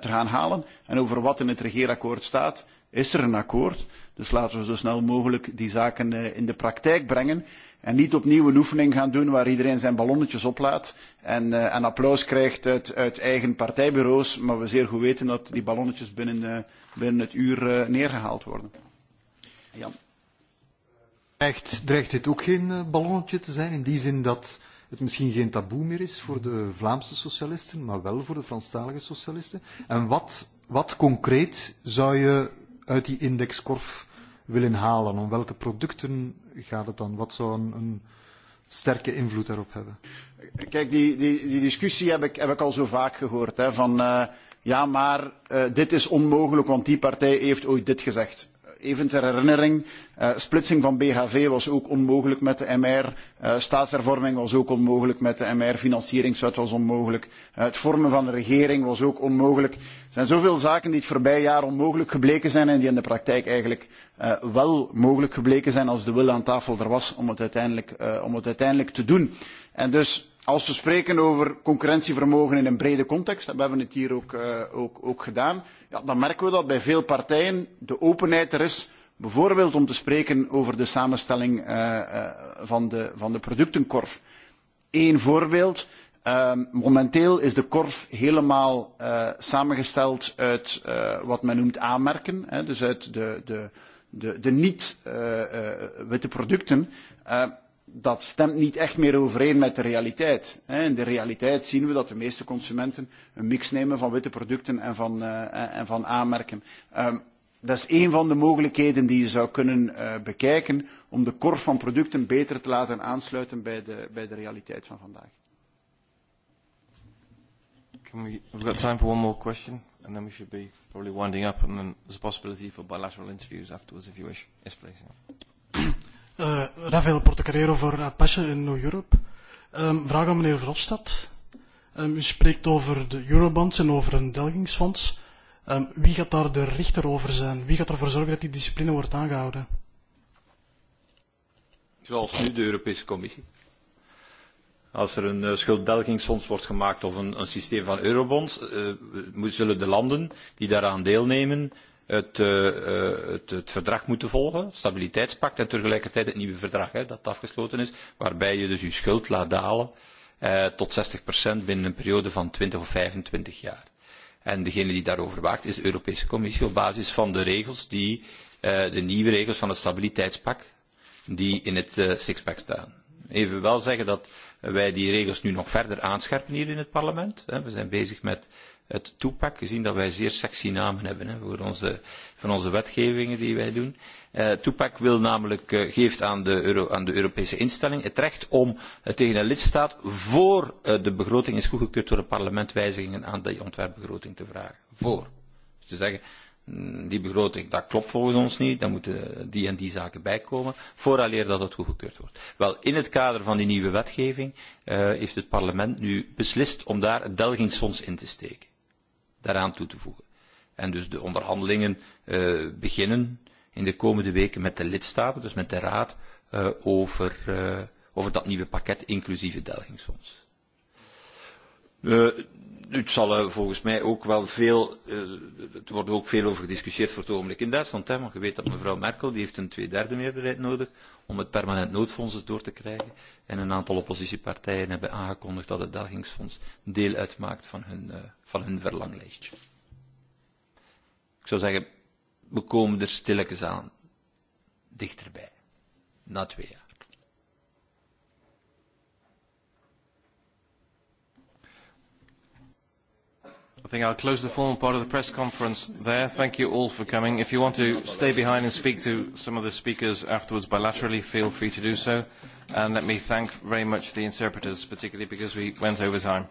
gaan halen. En over wat in het regeerakkoord staat, is er een akkoord. Dus laten we zo snel mogelijk die zaken in de praktijk brengen. En niet opnieuw een oefening gaan doen waar iedereen zijn ballonnetjes oplaat en applaus krijgt uit eigen partijbureaus. Maar we zeer goed weten dat die ballonnetjes binnen het uur neergehaald worden. Jan. Echt dreigt dit ook geen ballonnetje te zijn, in die zin dat het misschien geen taboe meer is voor de Vlaamse socialisten, maar wel voor de Franstalige socialisten. En wat, wat concreet zou je uit die indexkorf willen halen? Om welke producten gaat het dan? Wat zou een, sterke invloed daarop hebben? Kijk, die, die, die discussie heb ik, heb ik al zo vaak gehoord. Hè, van, ja, maar dit is onmogelijk, want die partij heeft ooit dit gezegd even ter herinnering, splitsing van BHV was ook onmogelijk met de MR, staatshervorming was ook onmogelijk met de MR, financieringswet was onmogelijk, het vormen van een regering was ook onmogelijk. Er zijn zoveel zaken die het voorbije jaar onmogelijk gebleken zijn en die in de praktijk eigenlijk wel mogelijk gebleken zijn als de wil aan tafel er was om het uiteindelijk te doen. dus Als we spreken over concurrentievermogen in een brede context, hebben we hebben het hier ook gedaan, dan merken we dat bij veel partijen de openheid er is, bijvoorbeeld om te spreken over de samenstelling van de productenkorf. Eén voorbeeld. Momenteel is de korf helemaal samengesteld uit wat men noemt aanmerken, dus uit de niet-witte producten dat stemt niet echt meer overeen met de realiteit. In de realiteit zien we dat de meeste consumenten een mix nemen van witte producten en van aanmerken. Dat is een van de mogelijkheden die je zou kunnen bekijken om de korf van producten beter te laten aansluiten bij de realiteit van vandaag. Rafael Portocarrero voor Apache in New Europe. Vraag aan meneer Verhofstadt. U spreekt over de eurobonds en over een delgingsfonds. Wie gaat daar de richter over zijn? Wie gaat ervoor zorgen dat die discipline wordt aangehouden? Zoals nu de Europese Commissie. Als er een schulddelgingsfonds wordt gemaakt of een systeem van eurobonds, zullen de landen die daaraan deelnemen het verdrag moeten volgen, het stabiliteitspact en tegelijkertijd het nieuwe verdrag dat afgesloten is, waarbij je dus je schuld laat dalen tot 60% binnen een periode van 20 of 25 jaar. En degene die daarover waakt is de Europese Commissie op basis van de regels die, de nieuwe regels van het stabiliteitspact die in het sixpack staan. Even wel zeggen dat wij die regels nu nog verder aanscherpen hier in het parlement. We zijn bezig met het toepak, gezien dat wij zeer sexy namen hebben hè, voor onze, van onze wetgevingen die wij doen. Uh, toepak wil namelijk, geeft aan de, aan de Europese instelling het recht om uh, tegen een lidstaat voor de begroting is goedgekeurd door het parlement wijzigingen aan die ontwerpbegroting te vragen. Voor. Dus te zeggen, die begroting, dat klopt volgens ons niet, dan moeten die en die zaken bijkomen, vooraleer dat het goedgekeurd wordt. Wel, in het kader van die nieuwe wetgeving heeft het parlement nu beslist om daar het delgingsfonds in te steken daaraan toe te voegen. En dus de onderhandelingen beginnen in de komende weken met de lidstaten, dus met de Raad, over dat nieuwe pakket, inclusief het Delgingsfonds het zal volgens mij ook wel veel, er wordt ook veel over gediscussieerd voor het ogenblik in Duitsland, hè, want je weet dat mevrouw Merkel, die heeft een tweederde meerderheid nodig om het permanent noodfonds door te krijgen. En een aantal oppositiepartijen hebben aangekondigd dat het dagingsfonds deel uitmaakt van hun, van verlanglijstje. Ik zou zeggen, we komen er stilletjes aan, dichterbij, na twee I think I'll close the formal part of the press conference there. Thank you all for coming. If you want to stay behind and speak to some of the speakers afterwards bilaterally, feel free to do so. And let me thank very much the interpreters, particularly because we went over time.